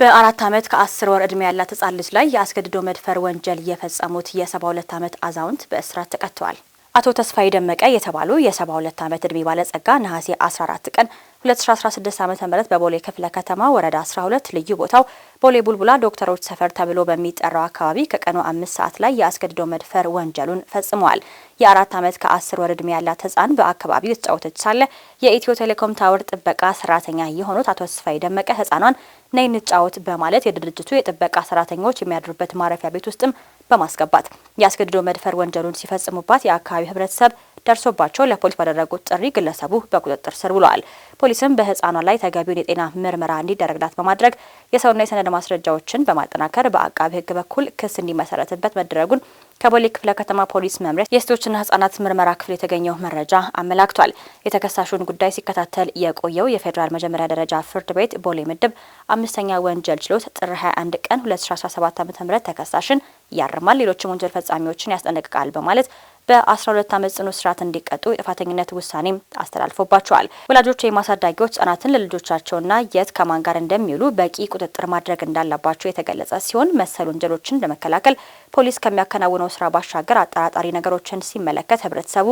በአራት ዓመት ከአስር ወር ዕድሜ ያላት ሕጻን ልጅ ላይ የአስገድዶ መድፈር ወንጀል የፈጸሙት የሰባ ሁለት ዓመት አዛውንት በእስራት ተቀጥተዋል። አቶ ተስፋዬ ደመቀ የተባሉ የሰባ ሁለት ዓመት ዕድሜ ባለጸጋ ነሐሴ 14 ቀን 2016 ዓ ም በቦሌ ክፍለ ከተማ ወረዳ 12 ልዩ ቦታው ቦሌ ቡልቡላ ዶክተሮች ሰፈር ተብሎ በሚጠራው አካባቢ ከቀኑ አምስት ሰዓት ላይ የአስገድዶ መድፈር ወንጀሉን ፈጽመዋል። የአራት ዓመት ከአስር ወር ዕድሜ ያላት ሕፃን በአካባቢው የተጫወተች ሳለ የኢትዮ ቴሌኮም ታወር ጥበቃ ሰራተኛ የሆኑት አቶ ተስፋዬ ደመቀ ሕፃኗን ነይ እንጫወት በማለት የድርጅቱ የጥበቃ ሰራተኞች የሚያድሩበት ማረፊያ ቤት ውስጥም በማስገባት የአስገድዶ መድፈር ወንጀሉን ሲፈጽሙባት የአካባቢው ህብረተሰብ ደርሶባቸው ለፖሊስ ባደረጉት ጥሪ ግለሰቡ በቁጥጥር ስር ውለዋል። ፖሊስም በህፃኗ ላይ ተገቢውን የጤና ምርመራ እንዲደረግላት በማድረግ የሰውና የሰነድ ማስረጃዎችን በማጠናከር በአቃቢ ህግ በኩል ክስ እንዲመሰረትበት መደረጉን ከቦሌ ክፍለ ከተማ ፖሊስ መምሪያ የሴቶችና ህጻናት ምርመራ ክፍል የተገኘው መረጃ አመላክቷል። የተከሳሹን ጉዳይ ሲከታተል የቆየው የፌዴራል መጀመሪያ ደረጃ ፍርድ ቤት ቦሌ ምድብ አምስተኛ ወንጀል ችሎት ጥር 21 ቀን 2017 ዓ ም ተከሳሽን ያርማል፣ ሌሎችም ወንጀል ፈጻሚዎችን ያስጠነቅቃል በማለት በ12 ዓመት ጽኑ እስራት እንዲቀጡ የጥፋተኝነት ውሳኔ አስተላልፎባቸዋል። ወላጆች የማሳዳጊዎች ህጻናትን ለልጆቻቸውና የት ከማን ጋር እንደሚውሉ በቂ ቁጥጥር ማድረግ እንዳለባቸው የተገለጸ ሲሆን መሰል ወንጀሎችን ለመከላከል ፖሊስ ከሚያከናውነው ስራ ባሻገር አጠራጣሪ ነገሮችን ሲመለከት ህብረተሰቡ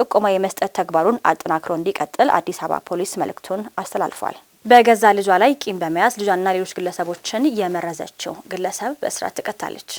ጥቆማ የመስጠት ተግባሩን አጠናክሮ እንዲቀጥል አዲስ አበባ ፖሊስ መልእክቱን አስተላልፏል። በገዛ ልጇ ላይ ቂም በመያዝ ልጇና ሌሎች ግለሰቦችን የመረዘችው ግለሰብ በእስራት ትቀታለች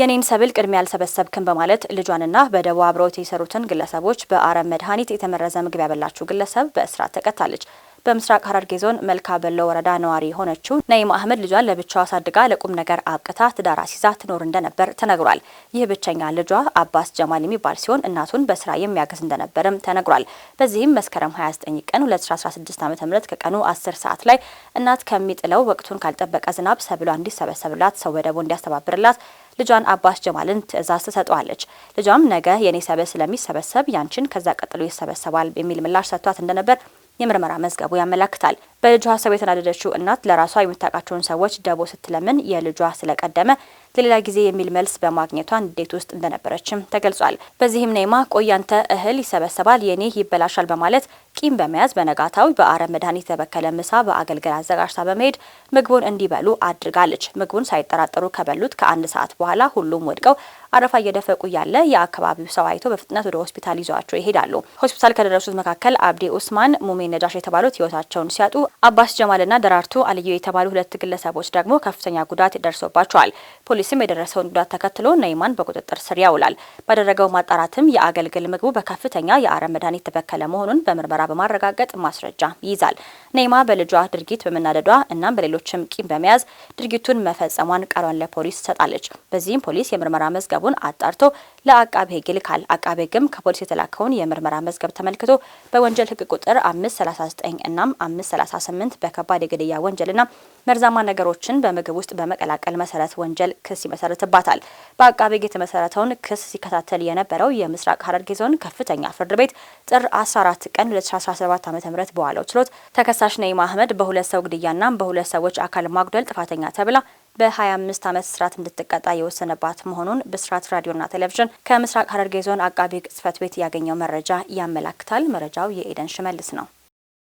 የኔን ሰብል ቅድሚያ ያልሰበሰብክን በማለት ልጇንና በደቡብ አብረውት የሰሩትን ግለሰቦች በአረም መድኃኒት የተመረዘ ምግብ ያበላችው ግለሰብ በእስራት ተቀጣለች። በምስራቅ ሐረርጌ ዞን መልካ በሎ ወረዳ ነዋሪ የሆነችው ነይም አህመድ ልጇን ለብቻዋ አሳድጋ ለቁም ነገር አብቅታ ትዳር ሲዛ ትኖር እንደነበር ተነግሯል። ይህ ብቸኛ ልጇ አባስ ጀማል የሚባል ሲሆን እናቱን በስራ የሚያገዝ እንደነበርም ተነግሯል። በዚህም መስከረም 29 ቀን 2016 ዓ ም ከቀኑ 10 ሰዓት ላይ እናት ከሚጥለው ወቅቱን ካልጠበቀ ዝናብ ሰብሏ እንዲሰበሰብላት ሰው ወደቦ እንዲያስተባብርላት ልጇን አባስ ጀማልን ትዕዛዝ ትሰጠዋለች። ልጇም ነገ የኔ ሰበዝ ስለሚሰበሰብ ያንቺን ከዛ ቀጥሎ ይሰበሰባል የሚል ምላሽ ሰጥቷት እንደነበር የምርመራ መዝገቡ ያመለክታል። በልጇ ሀሳብ የተናደደችው እናት ለራሷ የምታውቃቸውን ሰዎች ደቦ ስትለምን የልጇ ስለቀደመ ለሌላ ጊዜ የሚል መልስ በማግኘቷ ንዴት ውስጥ እንደነበረችም ተገልጿል። በዚህም ኔማ ቆያንተ እህል ይሰበሰባል የኔ ይበላሻል በማለት ቂም በመያዝ በነጋታው በአረብ መድኃኒት የተበከለ ምሳ በአገልግል አዘጋጅታ በመሄድ ምግቡን እንዲበሉ አድርጋለች። ምግቡን ሳይጠራጠሩ ከበሉት ከአንድ ሰዓት በኋላ ሁሉም ወድቀው አረፋ እየደፈቁ ያለ የአካባቢው ሰው አይቶ በፍጥነት ወደ ሆስፒታል ይዘዋቸው ይሄዳሉ። ሆስፒታል ከደረሱት መካከል አብዴ ኡስማን፣ ሙሜ ነጃሽ የተባሉት ህይወታቸውን ሲያጡ፣ አባስ ጀማልና ደራርቱ አልዩ የተባሉ ሁለት ግለሰቦች ደግሞ ከፍተኛ ጉዳት ደርሶባቸዋል። ፖሊስም የደረሰውን ጉዳት ተከትሎ ነይማን በቁጥጥር ስር ያውላል። ባደረገው ማጣራትም የአገልግል ምግቡ በከፍተኛ የአረም መድኃኒት የተበከለ መሆኑን በምርመራ በማረጋገጥ ማስረጃ ይይዛል። ነይማ በልጇ ድርጊት በመናደዷ እናም በሌሎችም ቂም በመያዝ ድርጊቱን መፈጸሟን ቃሏን ለፖሊስ ትሰጣለች በዚህም ፖሊስ የምርመራ መዝገቡን አጣርቶ ለአቃቤ ሕግ ይልካል። አቃቤ ሕግም ከፖሊስ የተላከውን የምርመራ መዝገብ ተመልክቶ በወንጀል ሕግ ቁጥር 539 እናም 538 በከባድ የግድያ ወንጀልና መርዛማ ነገሮችን በምግብ ውስጥ በመቀላቀል መሰረት ወንጀል ክስ ይመሰረትባታል። በአቃቤ ሕግ የተመሰረተውን ክስ ሲከታተል የነበረው የምስራቅ ሐረርጌ ዞን ከፍተኛ ፍርድ ቤት ጥር 14 ቀን 2017 ዓ ም በዋለው ችሎት ተከሳሽ ነይማ አህመድ በሁለት ሰው ግድያና በሁለት ሰዎች አካል ማጉደል ጥፋተኛ ተብላ በ25 ዓመት እስራት እንድትቀጣ የወሰነባት መሆኑን ብስራት ራዲዮና ቴሌቪዥን ከምስራቅ ሐረርጌ ዞን አቃቢ ጽሕፈት ቤት ያገኘው መረጃ ያመላክታል። መረጃው የኤደን ሽመልስ ነው።